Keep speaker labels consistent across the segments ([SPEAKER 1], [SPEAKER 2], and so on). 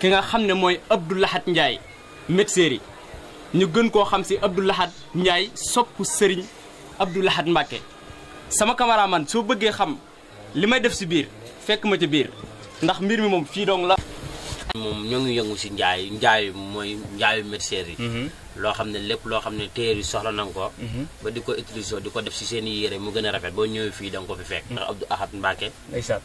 [SPEAKER 1] ki nga xam ne mooy ab du Abdou Lahad Ndiaye médecéri ñu gën koo xam si Abdou Lahad Ndiaye soppu sëriñ du Lahad Mbacke sama kamaraaman soo bëggee xam li may def si biir fekk ma ci biir ndax mbir mi moom fii doon la moom ñoo ngi yëngu si njaay njaay mooy njaayu mercerie yi mm-hmm. loo xam ne lépp loo xam ne téer yi soxla nañ ko mm-hmm. ba di ko utiliser di ko def si seen i yére mu gën a rafet boo ñëwee fii da nga ko fi fekk ndax Abdou Ahad Mbacke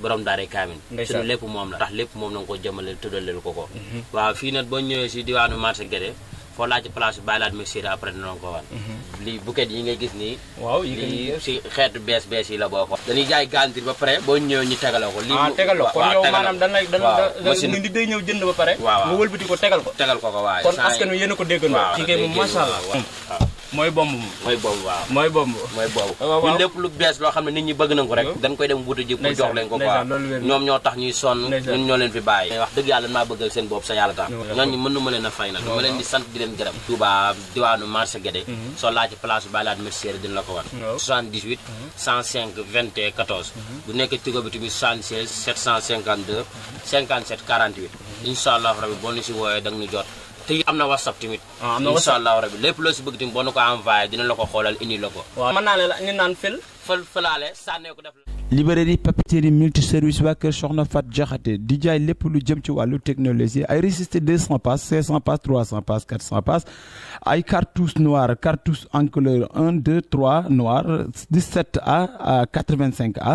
[SPEAKER 1] borom daare kaamin suñu lépp moom la ndax lépp moom na ko jëmale tuddaleel ko ko mm-hmm. waaw fii nag boo ñëwee si diwaanu marché Guédé foo laaj place bi bàyyi laat mi siré après dinañ ko wan mhm. lii bouquet yi ngay gis nii waaw lii si xeetu bees bees yi la boo ko dañuy jaay gantir ba pare boo ñëwee ñu tegala ko lii ah tegal ko kon yow maanaam dan lay dan nit day ñëw jënd ba pare nga wëlbati ko tegal ko tegal ko ko waaye kon askan wi yéen a ko kii kay moom macha mooy bomb moom mooy bomb waaw mooy bomb mooy bomb ñun lépp lu bees loo xam ne nit ñi bëgg nañ ko rek dañ koy dem wuta ji pour jox leen ko quoi ñoom ñoo tax ñuy sonn ñun ñoo leen fi bàyyi wax dëgg yàlla maa bëgg seen bopp sa yàlla tax ñooñu mënu ma leen a fay nag ma leen di sant di leen gërëm Touba diwaanu marché Guédé mhm. soo laaj ci place bi Balaat Mercier dina la ko wan 78 105 21 14 bu nekk Tigo bi tamit 76 752 57 48 incha allah rabi boo ñu si wooyee da nga ñu jot te am na whatsapp tamit ah, incha allahu rabi lépp loo si bëgg tamit boo nu ko dina la ko xoolal indi la ko mën naa la ni naan fil fël fëlaale sànnee ko def
[SPEAKER 2] librairie papeterie multi service waa kër Soxna Fat Jaxate di jaay lépp lu jëm ci wàllu technologie ay résisté 200 pass 500 pass 300 pass 400 pass ay cartouches noires cartouches en couleur 1 2 3 noir 17A à 85A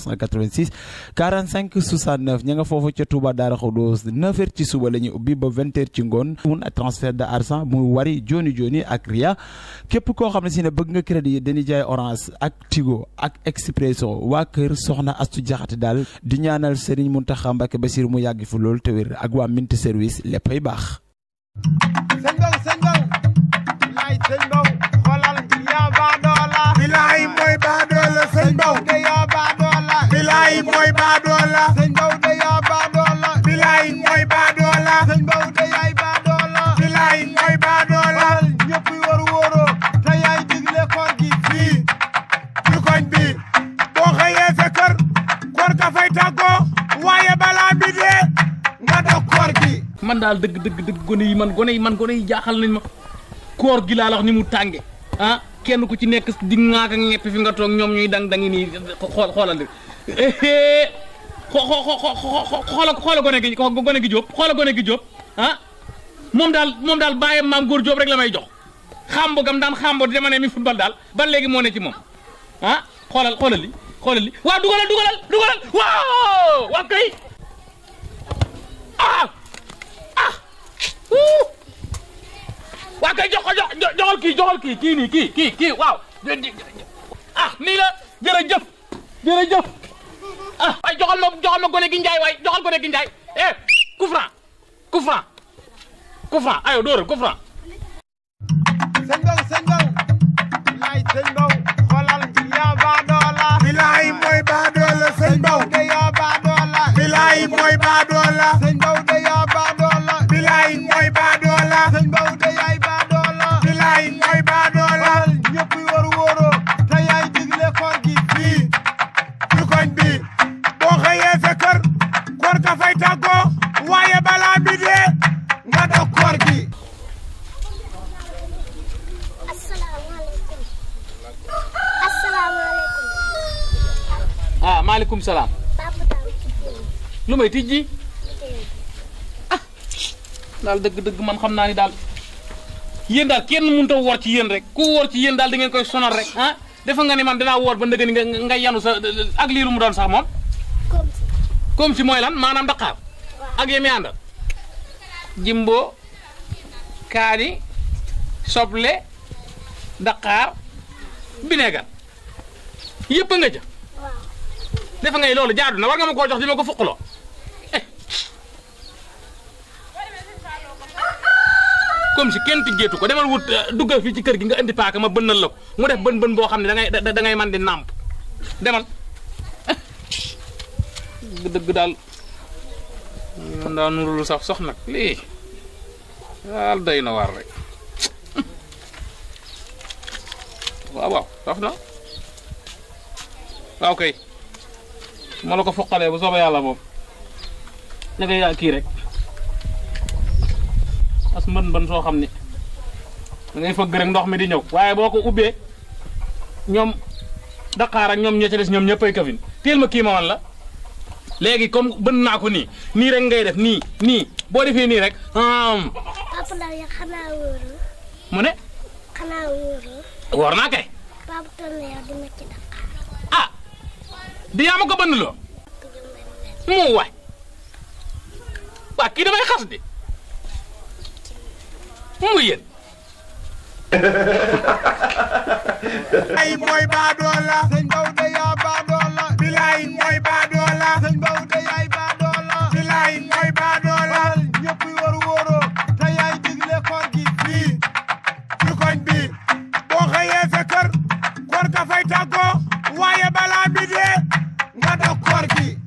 [SPEAKER 2] 386 45 69 ña nga foofu ca Touba Daara Khoudous 9h ci suba la ñu ubbi ba 20h ci ngoon. mun ak transfert de argent muy wari joni joni ak ria képp koo xam ne si ne bëgg nga crédit yi dañuy jaay orange ak tigo ak expresso waa kër soxna astu jaxate daal di ñaanal Serigne Mountakha Mbacké Bassir mu yàgg fi lool te wér ak waa mint service ay baax
[SPEAKER 3] bi dee nga dog
[SPEAKER 4] koor gi man daal dëgg dëgg gone yi man gone yi man gone yi jaaxal nañ ma koor gi laa la wax ni mu tànge ah kenn ku ci nekk di ŋaaka ñepp fi nga toog ñoom ñuy dang dangi nii xool xoolal de eh, xoola xoola gone gi gone gi jóob xoola gone gi jóob ah moom daal moom daal bàyyam maam góor jóob rek la may jox xambo gam daan xambo di dama ne mi football daal ba léegi moo ne ci moom ah xoolal xoolal li xoolal li waaw dugalal dugalal waaw waaw waa kay jox ko jox joxal kii joxal kii kii nii kii waaw ah nii la jërëjëf jërëjëf ah waay joxal ma joxal ma gone gi njaay waay joxal gone gi njaay eh coup franc
[SPEAKER 3] coup franc coup franc
[SPEAKER 4] ah maaleykum salaam. lu may tijji. ah daal dëgg-dëgg man xam naa ni daal yéen daal kenn mënut a woor ci yéen rek ku woor ci yéen daal da ngeen koy sonal rek ah defa nga ni man danaa woor ba ndëgg ni nga nga yanu sa ak lii mu doon sax moom. comme si mooy lan maanaam daqaar. ak yéen ànd. kaani soble daqaar bineegar yëpp nga defe ngay loolu jaadu na war nga ma koo jox di ma ko fuqaloo comme si kenn tijjeetu ko demal wut euh, duggal fii ci kër gi nga indi paaka ma bënnal la ko mu def bën bën boo xam ne da ngay da man di nàmp demal dëgg daal man daal nurul sax sox nag lii daal doy na waar rek waaw waaw sax na waaw kay moo ma la ko foqalee bu soobee yàlla moom da ngay kii rek as mbën mbën soo xam ni da ngay fëgg rek ndox mi di ñëw waaye boo ko ubbee ñoom daqaar ñoom ñoo ci des ñoom ñëppay kafin teel ma kii ma wan la léegi comme bën naa ko nii nii rek ngay def nii nii boo defee nii rek. papa Ndaw mu ne. xanaa wóorul. naa kay. di yaa ma mu waay waa kii xas di mu yéen
[SPEAKER 3] ay mooy baadoola sëñ Bawde yaa baadoola bilaay mooy baadoola sëñ Bawde yaay baadoola bilaay mooy baadoola ñëpp yaay digle koor gi fii koñ bi boo xëyee kër koor ka fay waaye balaa bi parti